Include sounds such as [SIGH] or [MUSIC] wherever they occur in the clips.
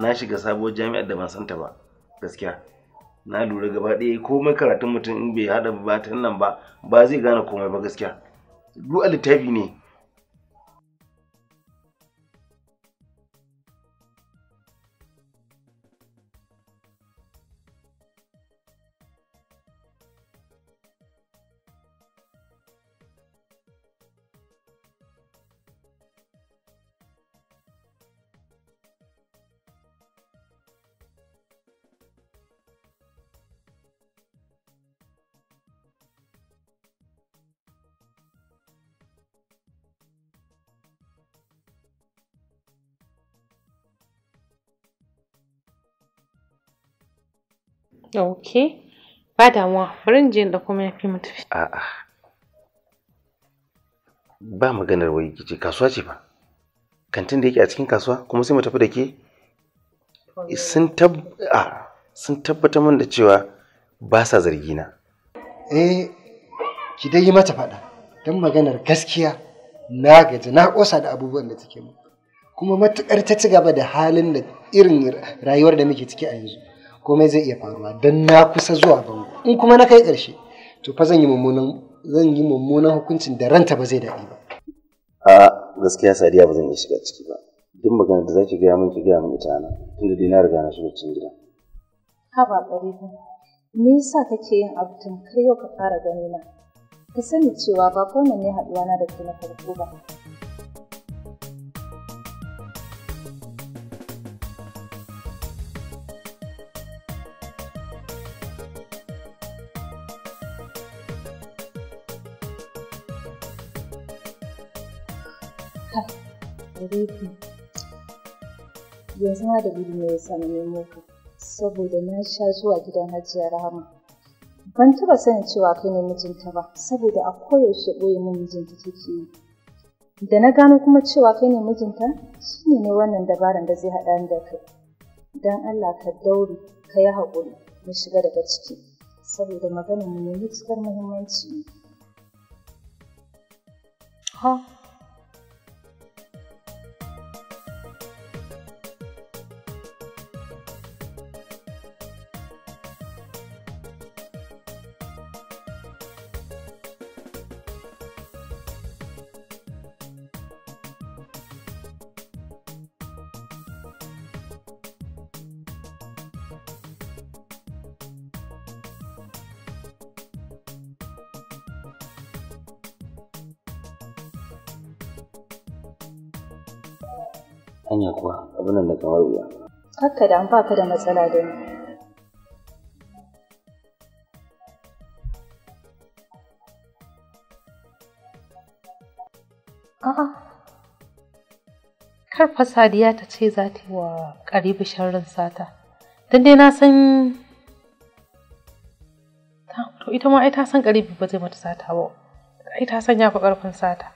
na shiga sabuwar jami'ar da ban san ta ba gaskiya na lura gaba ɗaya komai karatun mutum in bai haɗa ba nan ba ba zai gane komai ba gaskiya duk littafi ne Ok. Ba damuwa, bari in je in ɗauko mayafi mu tafi. A'a. Ba maganar wai kici kasuwa ce ba. Kantin da yake a cikin kasuwa kuma sai mu tafi da ke. Sun a sun tabbatar min da cewa ba sa zargi na. Eh, ki dai yi mata faɗa. Don maganar gaskiya na gaji na ƙosa da abubuwan da take mu. Kuma matuƙar ta ci gaba da halin da irin rayuwar da muke ciki a yanzu. komai zai iya faruwa don na kusa zuwa bango in kuma na kai ƙarshe to fa zan yi mummunan zan yi mummunan hukuncin da ranta ba zai daɗi ba a gaskiya sadiya ba zan iya shiga ciki ba duk magana da zaki gaya min ki gaya min ita na tunda dai na riga na shiga cikin gida ha ba ƙari me yasa kake yin abu tun kar yau ka fara ganina ka sani cewa ba kowanne haɗuwa na da ke na farko ba gare yanzu na da ilimi ya sa nemo ku saboda na sha zuwa gidan hajiya rahama ban taba sanin cewa kai ne mijinta ba saboda a koyaushe ɓoye min mijinta take yi da na gano kuma cewa kai ne mijinta shine ne wannan dabaran da zai haɗa da kai don allah ka daure ka yi haƙuri na shiga daga ciki saboda maganin mu ne muhimmanci ha abin nan da kamar wuya haka da ba ka da matsala da ni a'a karfa sadiya ta ce za ta yi wa ƙaribi sharrin sata don dai na san to ita ma ai ta san ƙaribi ba zai mata sata ba ai ta san ya fi ƙarfin sata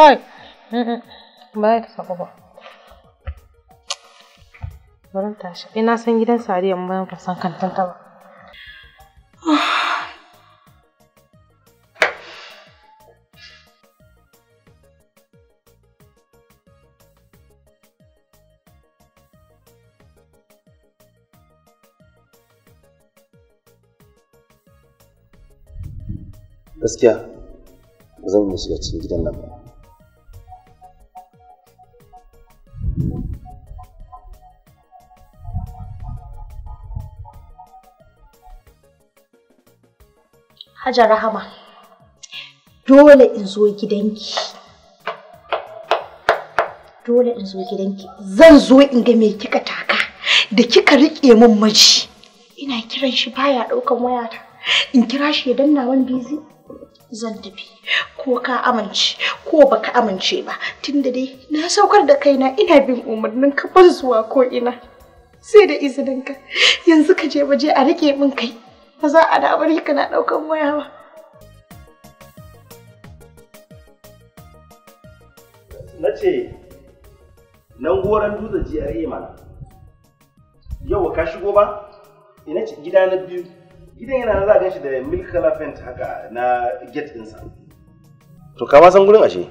Kai! [LAUGHS] Ba ta saba ba. Barin tashi. Ina eh, san gidan Sariya mun bayan san kantin ta ba. Gaskiya zan yi shiga cikin gidan nan ba. Hajar Rahama, dole in zo gidanki. Dole in zo gidanki. Zan zo in ga me kika taka da kika riƙe min maji. Ina kiran shi baya ɗaukan wayata. In kira shi ya danna wani bizi. Zan tafi. Ko ka amince ko baka amince ba. Tunda dai na saukar da kaina ina bin umarnin ka ban zuwa ko ina. Sai da izininka. Yanzu ka je waje a riƙe min kai. ba za a dabari bari kana ɗaukan waya ba. Na ce, nan goron dutse GRA mana. Yau ka shigo ba? Ina ce gida na biyu. Gidan yana na za a shi da milk color paint haka na gate ɗinsa. To ka san gurin ashe?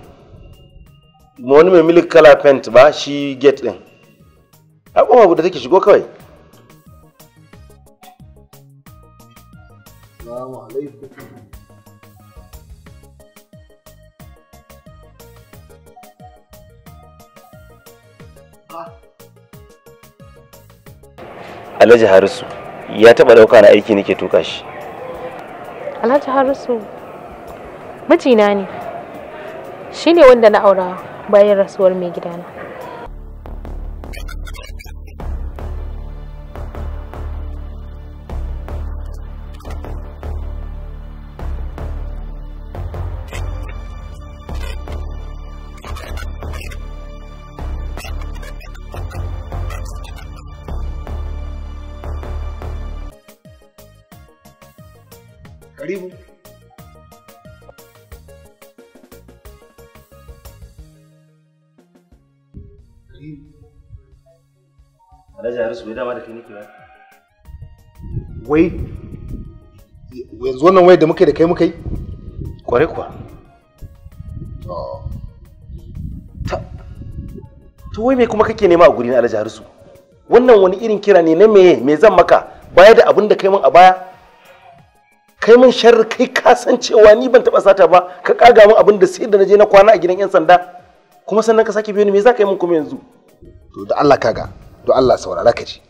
Ma wani mai milk color paint ba shi gate ɗin. Akwai ƙofa da take shigo kawai. السلام عليكم Alhaji Harisu ya taɓa ɗauka na aiki nake tuka shi. Alhaji Harisu mijina ne, shi ne wanda na aura bayan rasuwar mai gidana. wai yanzu wannan wai da muke da kai muka yi kware kuwa to wai me kuma kake nema a gurin alhaji wannan wani irin kira ne na meye me zan maka baya da abin da kai min a baya kai min sharri kai ka san cewa ni ban taba sata ba ka kaga min abin da sai da naje na kwana a gidan yan sanda kuma sannan ka sake biyo ni me za ka yi min kuma yanzu to da Allah kaga to Allah saurara ka ji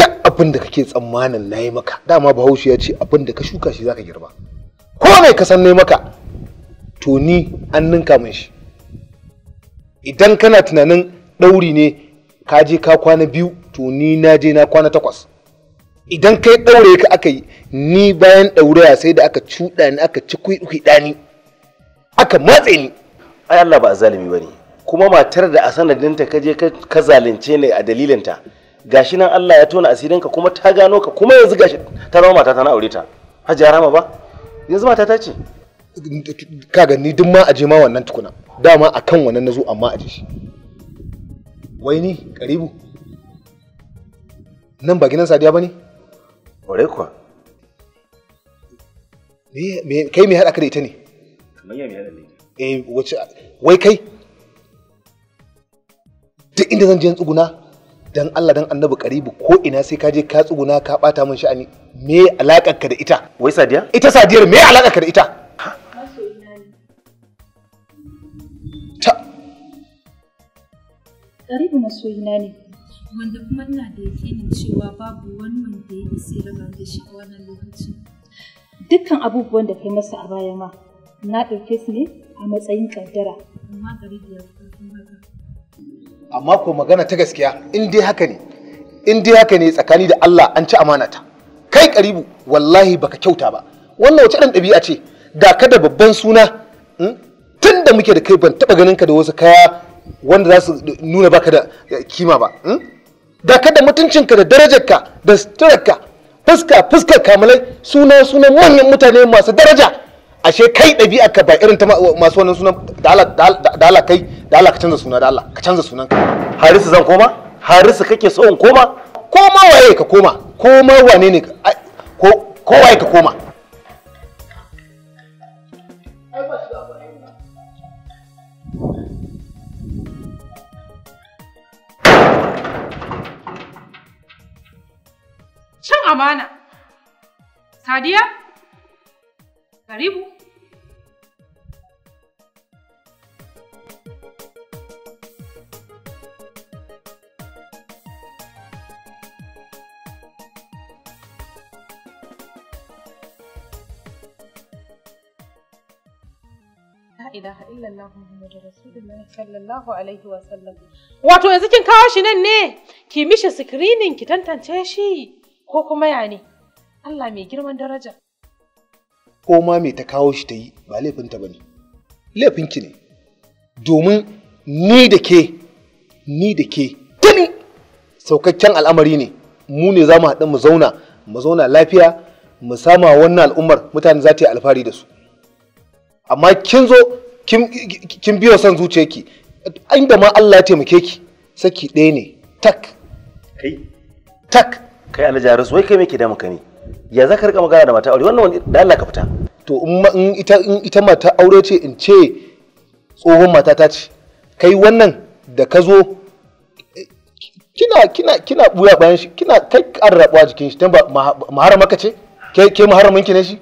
duk abin da kake tsammanin na yi maka dama bahaushe ya ce abin da ka shuka shi zaka girba ko mai ka san maka to ni an ninka min shi idan kana tunanin ɗauri ne ka je ka kwana biyu to ni na je na kwana takwas idan kai ɗaure ka aka yi ni bayan ɗauraya sai da aka cuɗa ni aka ci ni aka matse ni ai Allah ba zalimi bane kuma matar da a sanadinta ka je ka zalunce ne a dalilinta gashi nan Allah ya tona asirinka kuma ta gano ka kuma yanzu gashi ta zama mata ta na aure ta hajiya rama ba yanzu mata ta ce kaga ni duk ma aje ma wannan tukuna dama akan wannan nazo amma aje shi wai ni karibu nan ba gidan sadiya bane ore kuwa me me kai me hada ka da ita ne kamar ya me hada ne eh wace wai kai duk inda zan je tsuguna dan Allah dan annabi karibu ko ina sai ka je ka tsuguna ka bata min sha'ani me alakar ka da ita wai sadiya ita sadiyar me alakar ka da ita ta karibu masoyina ne wanda kuma ina da yakinin cewa babu wani wanda ya sai raba da shi a wannan lokacin dukkan abubuwan da kai masa a baya ma na ɗauke su ne a matsayin kaddara amma gari da ya haka amma ko magana ta gaskiya in dai haka ne in dai haka ne tsakani da Allah an ci amana ta kai karibu wallahi baka kyauta ba wannan wace dan dabi'a ce ga ka da babban suna hmm? tun da muke da kai ban taba ganin ka da wasu kaya wanda za su nuna baka da eh, kima ba da hmm? ka da mutuncinka da darajarka da suturarka fuska fuskar kamalai suna sunan manyan mutane masu daraja ashe kai ɗabi'ar ka ba irin ta masu wannan sunan da Allah kai da Allah ka canza suna da Allah ka canza sunan ka harisu zan koma harisu kake so in koma koma waye ka koma koma wane ne ko waye ka koma Cin amana. Sadiya? Karibu. Wato yanzu kin kawo shi nan ne ki mishi screening ki tantance shi ko kuma ya ne? Allah mai girman daraja. ko ma me ta kawo shi ta yi ba laifinta ba ne laifinki ne domin ni da ke ni da ke tuni saukakken al'amari ne mu ne za mu haɗu mu zauna mu zauna lafiya mu sama wannan al'ummar mutane za ta yi alfari da su amma kin zo kin biyo son zuciyarki inda ma Allah ya taimake ki saki ɗaya ne tak kai tak kai alhaji wai kai me ke da ne ya za ka rika magana da mata aure wannan wani da Allah ka fita to in ita in ita mata aure ce in ce tsohon mata ta ce kai wannan da ka zo kina kina kina buya bayan shi kina kai karrabuwa jikin shi dan ba maharama ka ce ke ke maharamin ki ne shi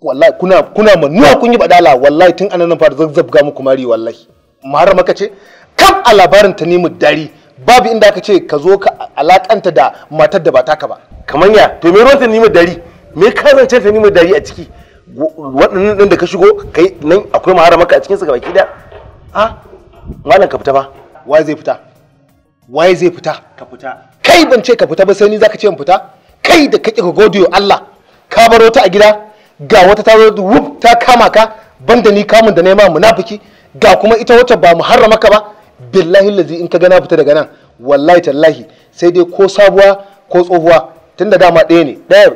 wallahi kuna kuna manuwa kun yi badala wallahi tun anan fara zazzabga muku mari wallahi maharama ka ce kam a labarin ta ne mu dari babu inda aka ce ka zo ka alakanta da matar da ba taka ba kamar ya to me ruwan ta nima dari me ka zance ta nima dari a ciki waɗannan ɗin da ka shigo kai nan akwai mahara maka a cikin su baki da a malam ka fita ba waye zai fita waye zai fita ka fita kai ban ce ka fita ba sai ni zaka ce in fita kai da kake ka godiyo Allah ka baro ta a gida ga wata ta zo wuf ta kama ka banda ni kamun da nema munafiki ga kuma ita wata ba mu harrama ka ba billahi lazi in ka gana fita daga nan wallahi tallahi sai dai ko sabuwa ko tsohuwa tun da dama ɗaya ne ɗaya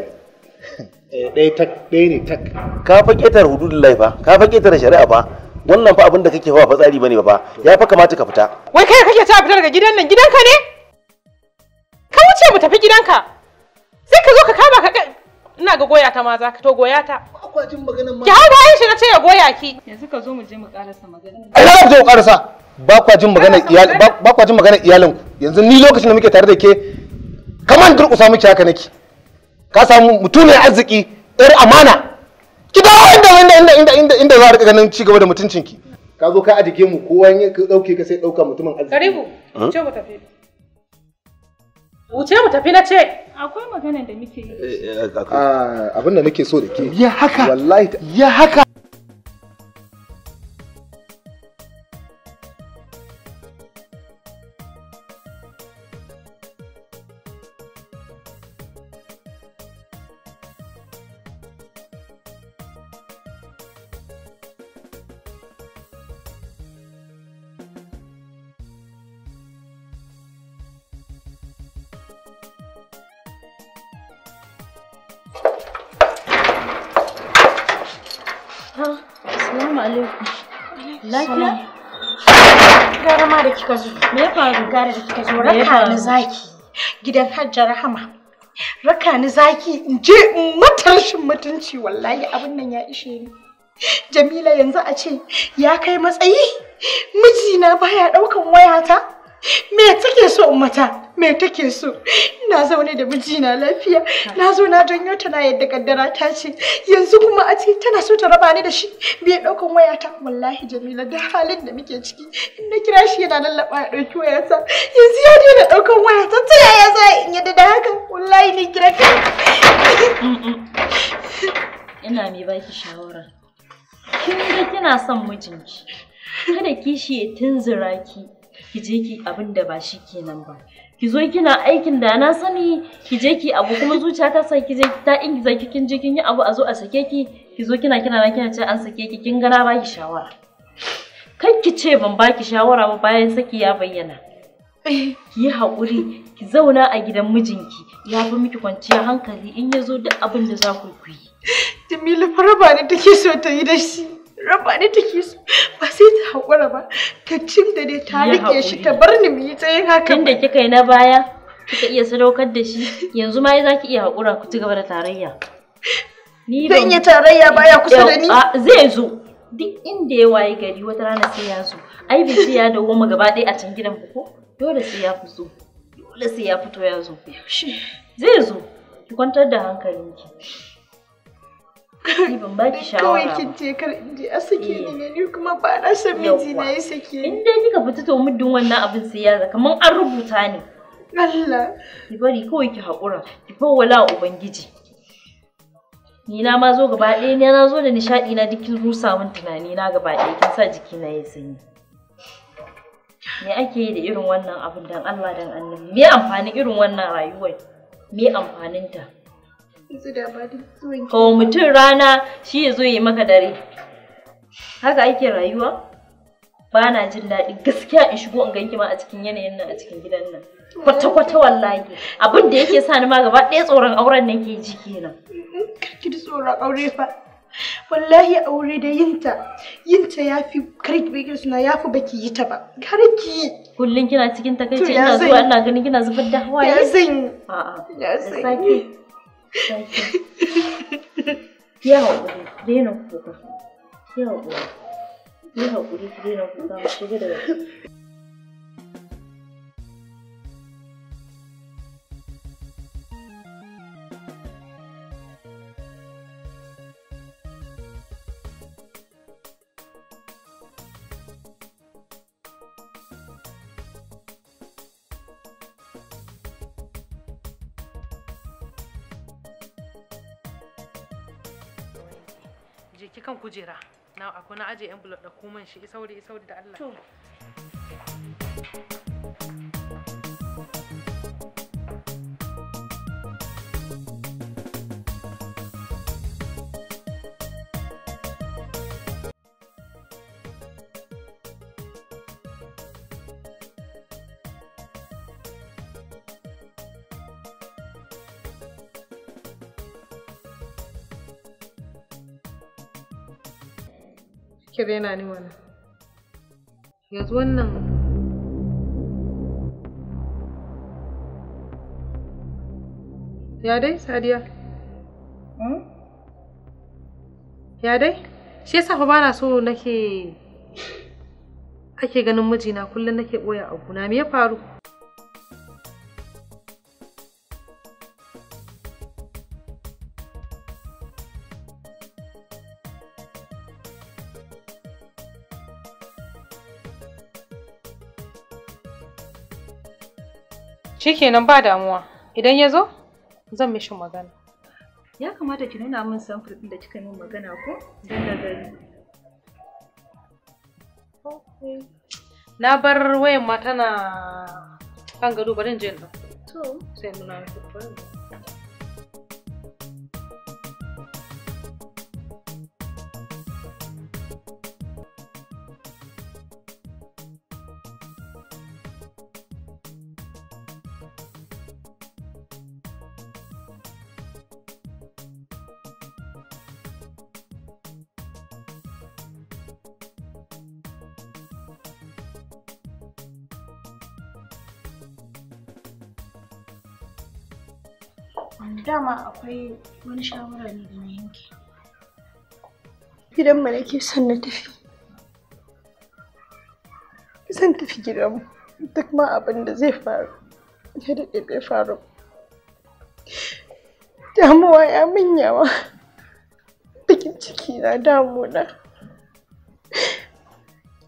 eh, ɗaya tak ɗaya ne tak ka fa ƙetare hududun laifa ka fa ƙetare shari'a ba wannan fa abin da kake fa tsari bane ba ya fa kamata ka fita wai kai kake ta fita daga gidan nan gidanka ne ka wuce mu tafi gidanka sai ka zo ka kama ka ina ga goya ta ma za ka to goya ta akwatin ma ki hau bayan shi na ce ya goya ki yanzu ka zo mu je mu karasa magana ai za mu je mu karasa ba kwa jin magana iyalinku yanzu ni lokacin da muke tare da ke kaman durƙusa miki haka nake ka samu mutumin arziki yar amana ki dawo inda inda inda inda inda inda za a rika ganin ci gaba da mutuncinki ka zo ka ajike mu ko ya ka dauke ka sai dauka mutumin arziki karibu ce mu tafi wuce mu tafi na ce akwai maganar da muke yi eh, eh, ah, abin da nake so da ke ya haka wallahi ya haka alaikum. da kika zo. Me ya kika zo raka ni zaki. Gidan Hajja Rahama. Raka ni zaki in je in mutunci wallahi abin nan ya ishe ni. Jamila yanzu a ce ya kai matsayi mijina baya daukan wayata. Me take so mata? Me take so? na zaune da mijina lafiya na zo na janyo ta na yadda kaddara ta ce yanzu kuma a ce tana so ta raba ni da shi bai daukan wayata wallahi jamila da halin da muke ciki in na kira shi yana lallaba ya dauki ta. yanzu ya daina daukan waya ta yaya za in yadda da haka wallahi ni kira ka ina mai baki shawara kin ga kina son mijinki kada kishi ya tunzura ki ki je ki abin da ba shi kenan ba ki zo kina aikin da na sani ki je ki abu kuma zuciya ta sai ki je ta ingiza ki kin je kin yi abu a zo a sake ki ki zo kina kina na kina ce an sake ki kin gana ki shawara kai ki ce ban ba ki shawara ba bayan saki ya bayyana ki yi haƙuri ki zauna a gidan mijinki ya fi miki kwanciya hankali in ya zo duk abin da za ku yi. Jamilu ba ne take so ta yi da shi. raba ni take so ba sai ta haƙura ba ta cin da dai ta riƙe shi ta bar ni mu yi tsayin haka tunda kika yi na baya kika iya sadaukar da shi yanzu ma za ki iya haƙura ku ci gaba da tarayya ni zan tarayya baya kusa da ni zai zo duk inda ya waye gari wata rana sai ya zo ai bai ya dawo mu gaba ɗaya a can gidan ku ko dole sai ya fito dole sai ya fito ya zo zai zo ki kwantar da hankalinki ni baki shawara kawai kin je kar in je a sake ni ne ni kuma ba na san miji na ya sake in dai kika fita to muddin wannan abin sai ya zaka an rubuta ne Allah ki bari kawai ki haƙura ki fawwala ubangiji ni na ma zo gaba ɗaya ne na zo da nishaɗi na duk kin rusa min tunani na gaba ɗaya kin sa jiki na ya sanyi me ake yi da irin wannan abin dan Allah dan annabi me amfanin irin wannan rayuwar me amfanin ta Kawo mutum rana shi ya zo yi maka dare. Haka ake rayuwa? Ba na jin daɗi gaskiya in shigo in ganki ma a cikin yanayin nan a cikin gidan nan. Kwata-kwata wallahi. Abin da yake sa ni ma gaba ɗaya tsoron auren nake ji kenan. Ki ji tsoron aure fa. Wallahi aure da yinta, yinta ya fi karki suna ya fi baki yi ta ba. Karki. Kullum kina cikin takaici ina zuwa ina ganin kina zubar da hawaye. Ya zan yi. A'a. Ya zan yi. Ki haƙuri, ki daina kuka. Ki haƙuri. Ki haƙuri, je ki kan kujera na akwai na aje envelope da kuman shi isauri isauri da Allah to kira yana ni wannan yanzu wannan ya dai sadiya hmm? ya dai shi yasa fa ba na so nake ake ganin mijina kullum nake boya abu na me ya faru Shikenan ba damuwa. Idan ya zo, zan mishi magana. Ya kamata ki nuna min samfur ɗin da kika min magana ko? Don da gari. Na bar wayan ma tana kan gado bari in je in ɗauko. To. Sai nuna miki. amma akwai wani shawara ne da na son na tafi zan tafi gidanmu duk ma abin da zai faru ya daɗe bai faru damuwa ya min yawa bakin ciki na damuna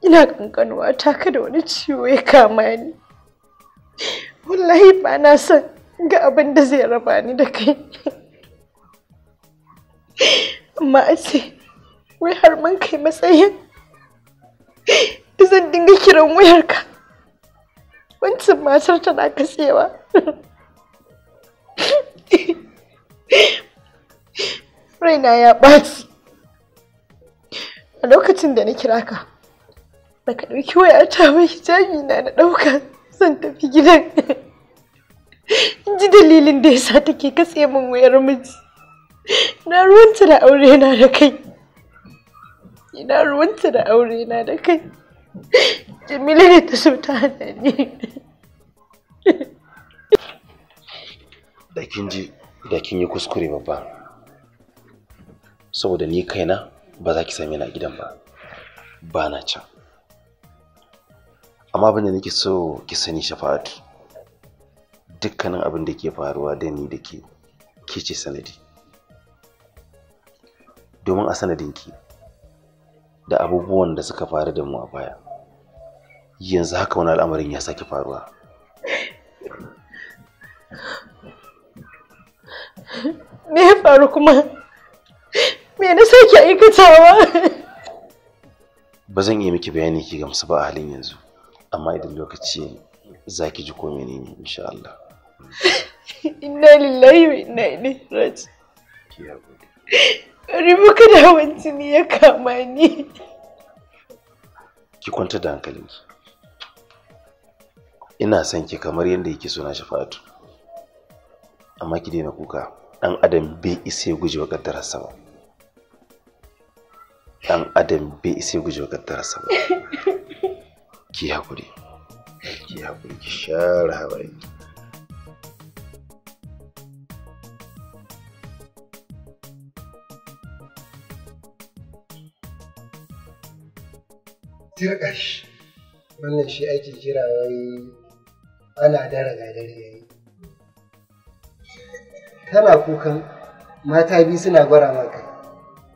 ina kankanuwa ta kada wani ciwo ya kama ni wallahi ba na son ga abin da zai raba ni da kai amma a ce wai har mun kai matsayin da zan dinga kiran wayarka wancan matar tana katsewa raina ya ɓaci a lokacin da na kira ka ka ɗauki wayata mai hijabi na na ɗauka zan tafi gidan ji dalilin da yasa take katse min wayar miji na ruwanta da aure na da kai ina ruwanta da aure na da kai jamila ne ta so ta hana ni da kin ji da kin yi kuskure babba saboda ni kaina ba za ki same ni a gidan ba ba na can amma ban da nake so ki sani shafa'atu dukkanin abin da ke faruwa da ni da ke ke sanadi domin a sanadin ki, da abubuwan da suka faru da mu a baya yanzu haka wani al'amarin ya sake faruwa me ya faru kuma me na sake aikatawa ba zan iya miki bayani ki gamsu ba a halin yanzu amma idan lokaci za ki ji ko menene insha Allah [LAUGHS] inna lillahi wa inna ilaihi raji ribu kada jini ya kama ni ki kwanta da hankalinki ina son ki kamar yadda yake so na shafa'atu amma ki daina kuka dan adam bai isa ya gujewa kaddararsa ba dan adam bai isa gujewa kaddararsa ba [LAUGHS] ki haƙuri, ki hakuri ki share hawaye turka shi wannan shi ake kira wai ana dara ga dare yi tana kukan mata biyu suna gwara maka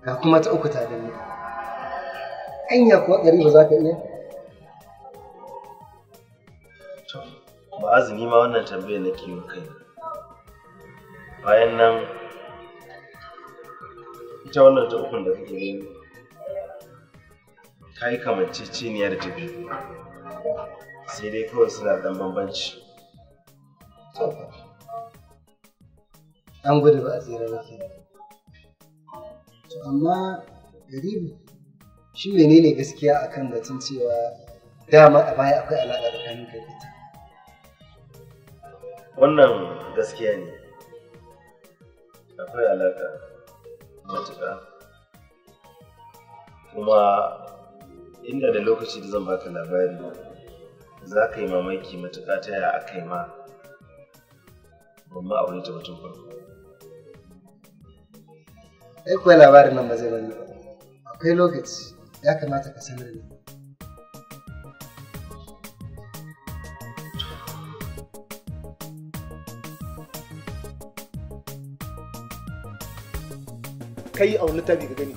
ga kuma ta uku ta danne anya kuwa ɗari ba za ka iya ba azumi ma wannan tambayar na ke kai, bayan nan ita wannan ta ukun da kake gani ta yi kamanceceniya da biyu. sai dai kawai suna dan bambanci an gudu ba a tsere ba ke amma garibu shi ne gaskiya akan batun cewa dama a baya akwai alaƙa da kai ita wannan gaskiya ne akwai alaƙa matuƙa kuma inda da lokaci da zan baka labari za ka yi mamaki matuƙa ta yaya aka yi ma babban abu ta mutum farko ai kuwa labarin nan ba zai bani akwai lokaci ya kamata ka sanar da kai a wani tabi ka gani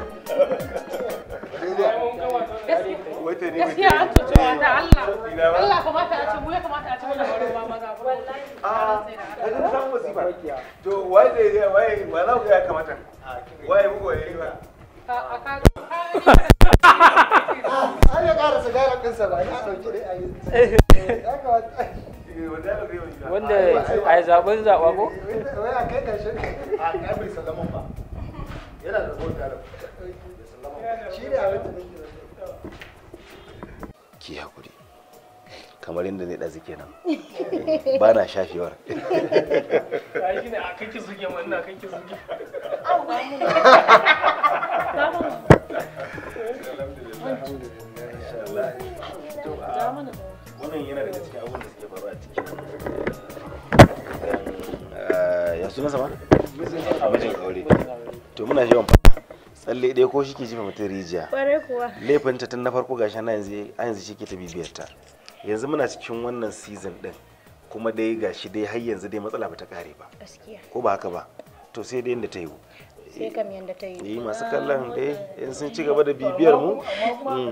ce ni gaskiya an cuce wa da Allah Allah kamata a ce ah, mu ah, ah, [LAUGHS] eh. ya kamata a ce mana baro ba maza wallahi a ga san musiba to wai zai wai wala ga ya kamata wai mu goye riba a ka ai ya ƙara sigara ɗinsa ba ya ɗauki dai a yi wanda a yi zaɓen zaɓa ko? wai a kai kashe a kai bai salaman ba yana da zuwa da shi ne a wata ki hakuri kamar yadda ne ɗazi kenan ba na shafewar ya suna sama? mijin aure to muna yawan tsalle ɗaya ko shi ke jifa mutum rijiya laifinta tun na farko gashi na yanzu a yanzu shi ke ta yanzu muna cikin wannan season ɗin kuma dai gashi dai har yanzu dai matsala ba ta ƙare ba ko ba haka ba to sai dai inda ta yiwu sai kam yanda ta yi eh, masu kallon dai in sun ci gaba da bibiyar mu hmm.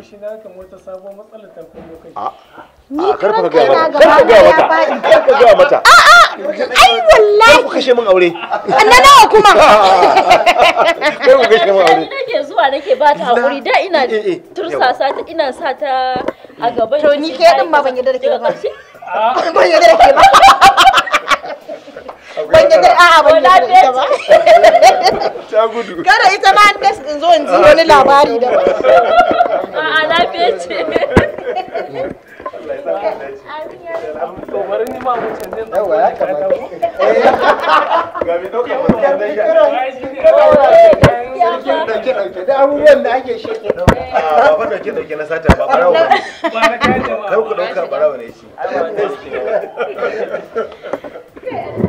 karfa ga ah, ah, mata karfa ga mata karfa ga mata ah, ai wallahi ku kashe min aure na [LAUGHS] nake zuwa nake ba ta hakuri da ina eh, eh, tursasa ina sa a gaban to ni din ma ban yadda da ke ba [LAUGHS] ban yadda a'a ban yadda ita ba [LAUGHS] ta gudu kada ita ma ta in zo in ji wani labari da ba lafiya [LAUGHS] ce